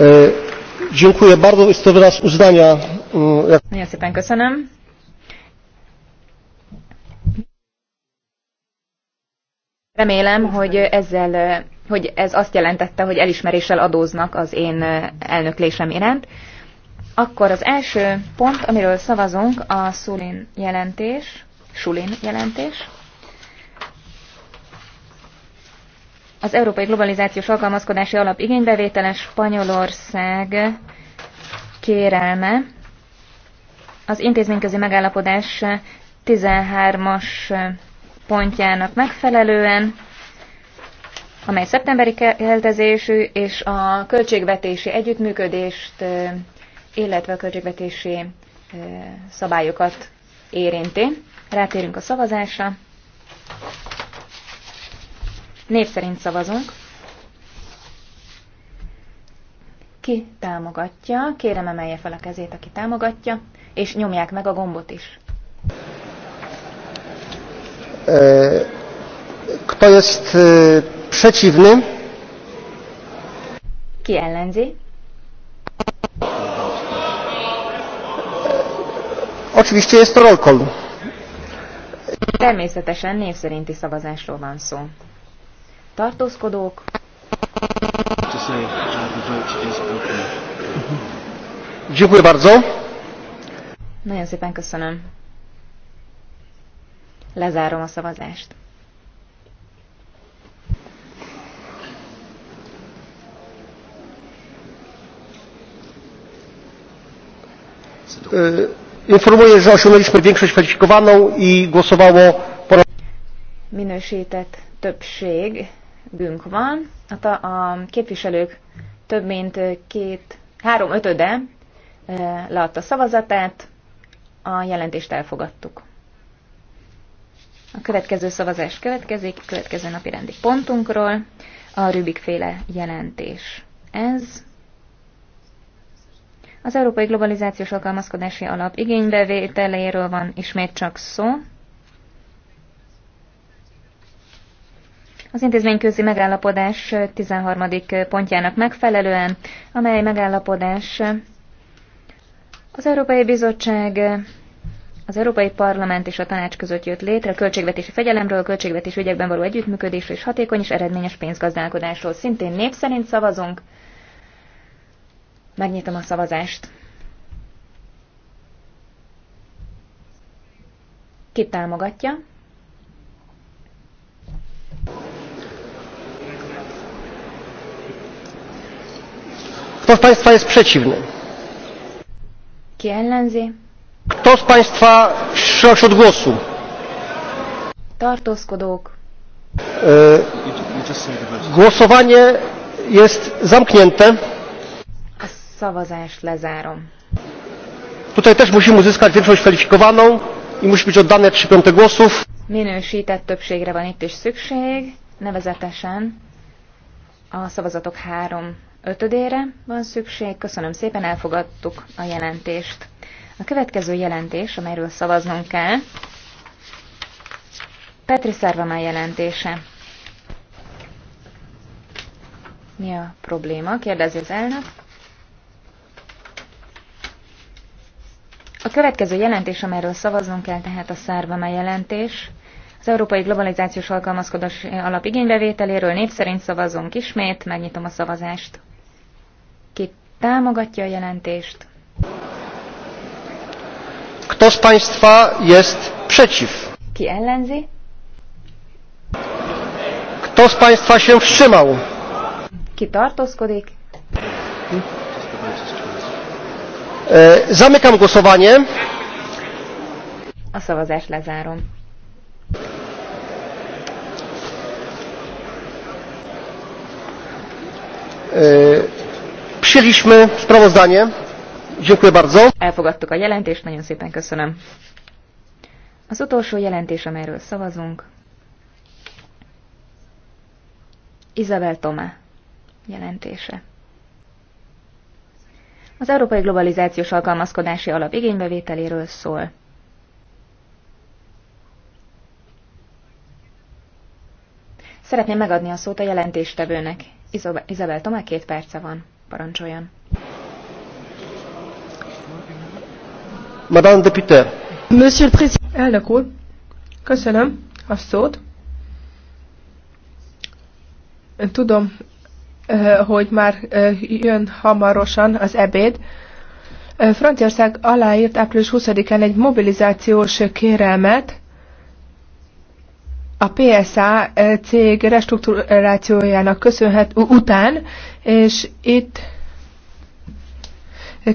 E, dziękuję bardzo. Jest to wyraz uznania. Mm, Nagyon szépen köszönöm. Remélem, hogy ezzel, e, hogy ez azt jelentette, hogy elismeréssel adóznak az én e, elnöklésem iránt. Akkor az első pont, amiről szavazunk, a Sulin jelentés, Sulin jelentés. az Európai Globalizációs Alkalmazkodási Alap igénybevétele Spanyolország kérelme az intézményközi megállapodás 13-as pontjának megfelelően, amely szeptemberi keltezésű, és a költségvetési együttműködést, illetve a költségvetési szabályokat érinti. Rátérünk a szavazásra. Név szerint szavazunk. Ki támogatja? Kérem emelje fel a kezét, aki támogatja, és nyomják meg a gombot is. E, kto jest e, przeciwny? Ki ellenzi? E, oczywiście jest to roll call. Természetesen név szerinti szavazásról van szó tartózkodók. Uh, Dziękuję bardzo. Nagyon szépen köszönöm. Lezárom a szavazást. E, informuję, że osiągnęliśmy większość kwalifikowaną i głosowało... Minősített többség bűnk van. Hát a, a képviselők több mint két, három ötöde eh, leadta szavazatát, a jelentést elfogadtuk. A következő szavazás következik, a következő napi rendi pontunkról, a Rubik féle jelentés. Ez az Európai Globalizációs Alkalmazkodási Alap igénybevételéről van ismét csak szó. az intézményközi megállapodás 13. pontjának megfelelően, amely megállapodás az Európai Bizottság, az Európai Parlament és a Tanács között jött létre a költségvetési fegyelemről, a költségvetési ügyekben való együttműködésről és hatékony és eredményes pénzgazdálkodásról. Szintén nép szerint szavazunk. Megnyitom a szavazást. Ki támogatja? Kto z Państwa jest przeciwny? Ki Kto z Państwa wstrzymał się od głosu? Tartózkodók. E, głosowanie jest zamknięte. A szavazást lezárom. Tutaj też musimy uzyskać większość kwalifikowaną i musi być oddane 3 piąte głosów. Minősített többségre van itt is szükség, nevezetesen a szavazatok három ötödére van szükség. Köszönöm szépen, elfogadtuk a jelentést. A következő jelentés, amelyről szavaznunk kell, Petri Szervamán jelentése. Mi a probléma? Kérdezi az elnök. A következő jelentés, amelyről szavaznunk kell, tehát a mely jelentés. Az Európai Globalizációs Alkalmazkodás Alap igénybevételéről név szerint szavazunk ismét, megnyitom a szavazást támogatja a jelentést. Kto z Państwa jest przeciw? Ki ellenzi? Kto z Państwa się wstrzymał? Ki tartózkodik? E, zamykam głosowanie. A szavazást lezárom. Ö, e, Przyjęliśmy sprawozdanie. Dziękuję bardzo. Elfogadtuk a jelentést, nagyon szépen köszönöm. Az utolsó jelentés, amelyről szavazunk, Izabel Tomá jelentése. Az Európai Globalizációs Alkalmazkodási Alap igénybevételéről szól. Szeretném megadni a szót a jelentéstevőnek. Izabel Tomá két perce van. Parancsoljon. Madame Depute. Monsieur le Président. Elnök úr, köszönöm a szót. Tudom, eh, hogy már eh, jön hamarosan az ebéd. Eh, Franciaország aláírt április 20-án egy mobilizációs kérelmet, a PSA eh, cég restrukturációjának köszönhet után, és itt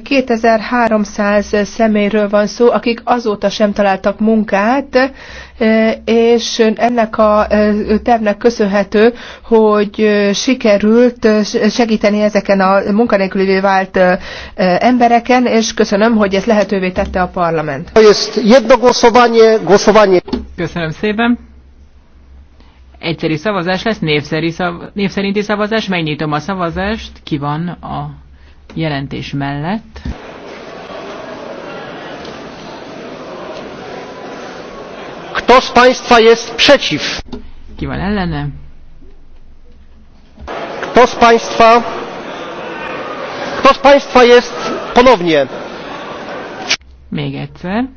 2300 személyről van szó, akik azóta sem találtak munkát, eh, és ennek a eh, tervnek köszönhető, hogy sikerült segíteni ezeken a munkanélkülévé vált embereken, és köszönöm, hogy ezt lehetővé tette a parlament. Köszönöm szépen! Egyszerű szavazás lesz, név, szav, szerinti szavazás. Megnyitom a szavazást. Ki van a jelentés mellett? Kto z Państwa jest przeciw? Ki van ellene? Kto z Państwa? Kto z Państwa jest ponownie? Még egyszer.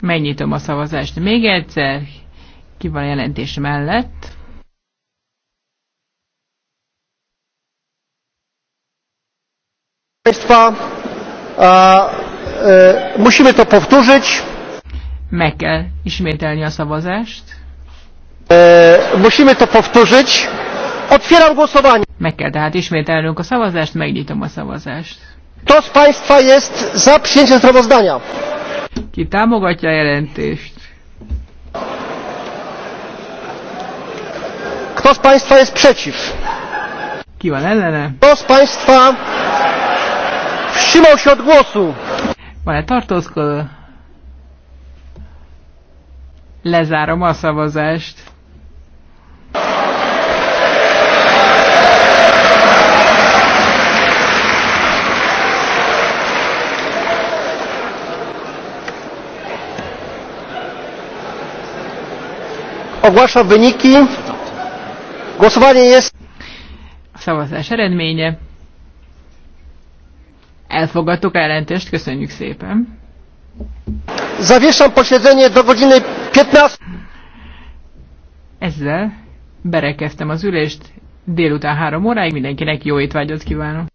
Megnyitom a szavazást még egyszer ki van a jelentés mellett. Państwa, e, musimy to powtórzyć. Meg kell ismételni a szavazást. E, musimy to powtórzyć. Otwieram głosowanie. Meg kell tehát ismételnünk a szavazást, megnyitom a szavazást. Kto z Państwa jest za przyjęciem sprawozdania? Ki támogatja a jelentést? Kto z Państwa jest przeciw? Ki ellene? Kto z Państwa wstrzymał się od głosu? Van-e Lezárom a szavazást. Ogłaszam wyniki. Głosowanie A szavazás eredménye. Elfogadtuk a jelentést, köszönjük szépen. Zawieszam posiedzenie do godziny 15. Ezzel berekeztem az ülést. Délután három óráig mindenkinek jó étvágyat kívánok.